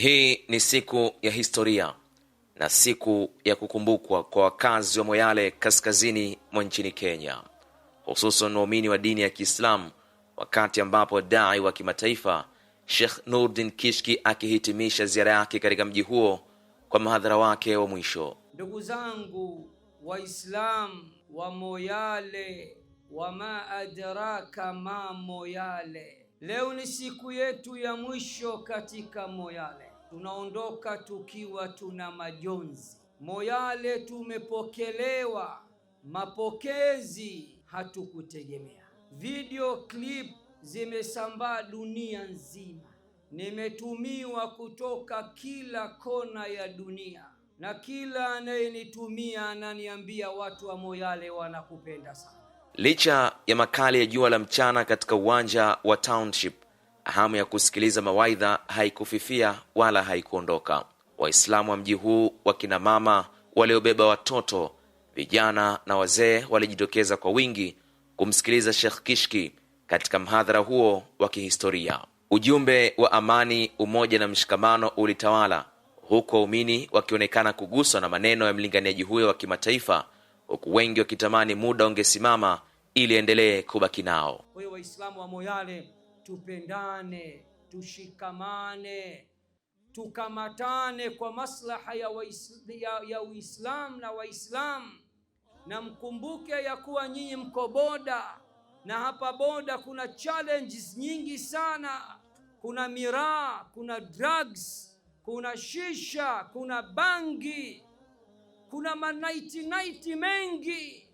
Hii ni siku ya historia na siku ya kukumbukwa kwa wakazi wa Moyale kaskazini mwa nchini Kenya, hususan waumini wa dini ya Kiislamu, wakati ambapo dai wa kimataifa shekh Nurdin Kishki akihitimisha ziara yake katika mji huo kwa mhadhara wake wa mwisho. Ndugu zangu waislam wa Moyale, wa ma adraka ma Moyale, leo ni siku yetu ya mwisho katika Moyale tunaondoka tukiwa tuna majonzi moyale, tumepokelewa mapokezi hatukutegemea. Video clip zimesambaa dunia nzima, nimetumiwa kutoka kila kona ya dunia, na kila anayenitumia ananiambia watu wa Moyale wanakupenda sana. Licha ya makali ya jua la mchana katika uwanja wa Township hamu ya kusikiliza mawaidha haikufifia wala haikuondoka. Waislamu wa mji huu, wakina mama waliobeba watoto, vijana na wazee walijitokeza kwa wingi kumsikiliza shekh Kishki katika mhadhara huo wa kihistoria. Ujumbe wa amani, umoja na mshikamano ulitawala huku waumini wakionekana kuguswa na maneno ya mlinganiaji huyo wa kimataifa, huku wengi wakitamani muda ungesimama ili endelee kubaki nao. Waislamu wa Moyale tupendane, tushikamane, tukamatane kwa maslaha ya Uislamu na Waislamu, na mkumbuke ya kuwa nyinyi mko boda, na hapa boda kuna challenges nyingi sana. Kuna miraa, kuna drugs, kuna shisha, kuna bangi, kuna manaitinaiti mengi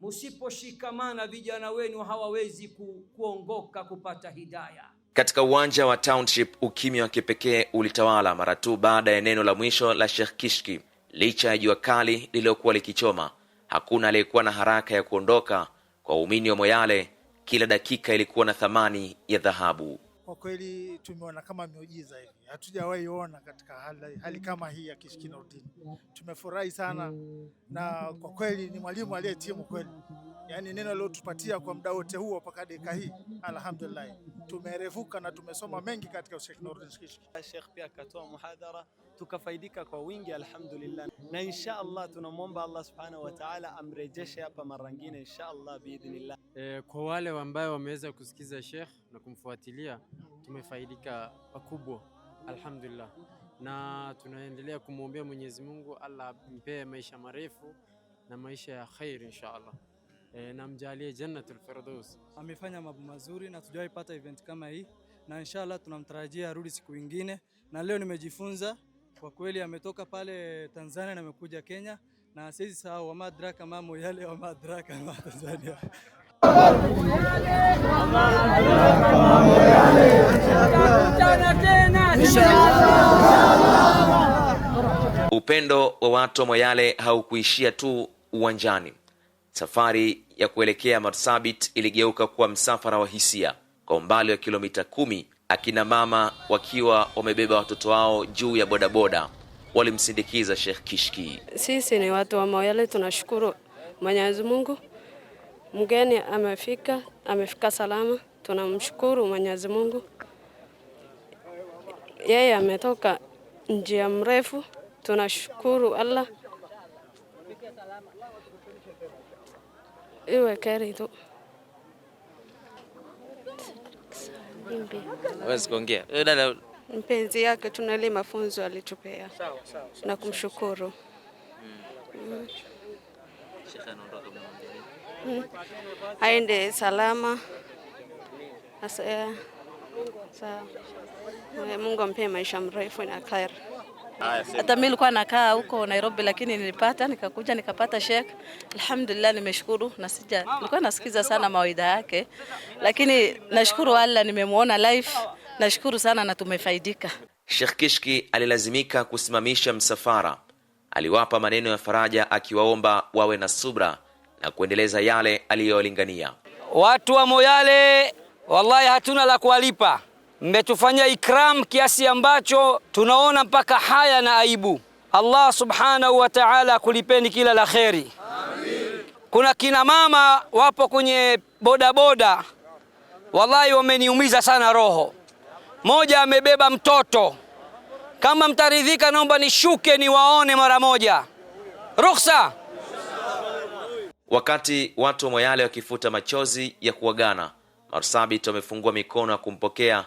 msiposhikamana vijana wenu hawawezi ku, kuongoka kupata hidaya. Katika uwanja wa Township, ukimya wa kipekee ulitawala mara tu baada ya neno la mwisho la shekh Kishki. Licha ya jua kali lililokuwa likichoma, hakuna aliyekuwa na haraka ya kuondoka. Kwa waumini wa Moyale, kila dakika ilikuwa na thamani ya dhahabu kwa kweli tumeona kama miujiza hivi, hatujawahi ona katika hali, hali kama hii ya kishikina Tumefurahi sana mm. na kwa kweli ni mwalimu aliyetimu kweli yani neno lilotupatia kwa muda wote huo mpaka dakika hii, alhamdulillah tumerevuka na tumesoma mengi katika Sheikh Nuruddin. Sheikh pia akatoa muhadhara tukafaidika kwa wingi alhamdulillah, na insha Allah tunamwomba Allah subhanahu wa ta'ala amrejeshe hapa mara nyingine insha Allah biidhnillah. E, kwa wale ambao wameweza kusikiza Sheikh na kumfuatilia tumefaidika pakubwa alhamdulillah, na tunaendelea kumwombea Mwenyezi Mungu Allah mpee maisha marefu na maisha ya khair insha Allah e, eh, na mjalie jannatul firdaus. Amefanya mambo mazuri na tujawahi pata event kama hii, na inshallah tunamtarajia arudi siku nyingine. Na leo nimejifunza kwa kweli, ametoka pale Tanzania na amekuja Kenya, na sisi sahau wa madraka mamo yale wa madraka wa Tanzania Upendo wa watu wa Moyale haukuishia tu uwanjani Safari ya kuelekea Marsabit iligeuka kuwa msafara wa hisia. Kwa umbali wa kilomita kumi, akina mama wakiwa wamebeba watoto wao juu ya bodaboda walimsindikiza shekh Kishki. Sisi ni watu wa Moyale, tunashukuru Mwenyezi Mungu. Mgeni amefika, amefika salama, tunamshukuru Mwenyezi Mungu. Yeye ametoka njia mrefu, tunashukuru Allah. Huwezi kuongea. Dada mpenzi yake, tunali mafunzo alitupea na kumshukuru hmm. aende salama Asa, eh, Mungu ampe maisha mrefu na kheri. Hata mimi nilikuwa nakaa huko Nairobi, lakini nilipata nikakuja nikapata Sheikh. Alhamdulillah, nimeshukuru na sija, nilikuwa nasikiza sana mawaidha yake, lakini nashukuru Allah nimemuona live. Nashukuru sana na tumefaidika. Sheikh Kishki alilazimika kusimamisha msafara. Aliwapa maneno ya faraja akiwaomba wawe na subra na kuendeleza yale aliyolingania. Watu wa Moyale, wallahi hatuna la kuwalipa mmetufanyia ikram kiasi ambacho tunaona mpaka haya na aibu. Allah subhanahu wa ta'ala akulipeni kila la kheri. Amin. Kuna kina mama wapo kwenye bodaboda, wallahi wameniumiza sana roho. Moja amebeba mtoto, kama mtaridhika, naomba nishuke niwaone mara moja, ruhusa. Wakati watu wa Moyale wakifuta machozi ya kuagana, Marsabit wamefungua mikono ya kumpokea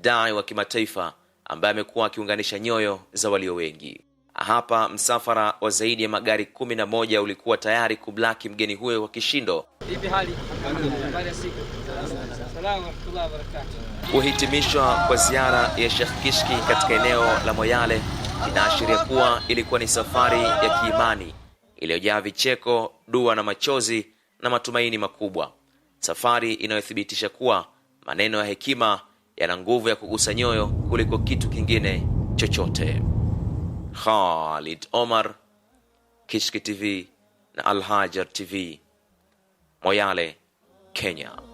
dai wa kimataifa ambaye amekuwa akiunganisha nyoyo za walio wengi. Hapa msafara wa zaidi ya magari kumi na moja ulikuwa tayari kumlaki mgeni huyo kwa kishindo. Kuhitimishwa kwa ziara ya shekh Kishki katika eneo la Moyale inaashiria kuwa ilikuwa ni safari ya kiimani iliyojaa vicheko, dua na machozi na matumaini makubwa, safari inayothibitisha kuwa maneno ya hekima yana nguvu ya kugusa nyoyo kuliko kitu kingine chochote. Khalid Omar, Kishki TV na Alhajar TV, Moyale, Kenya.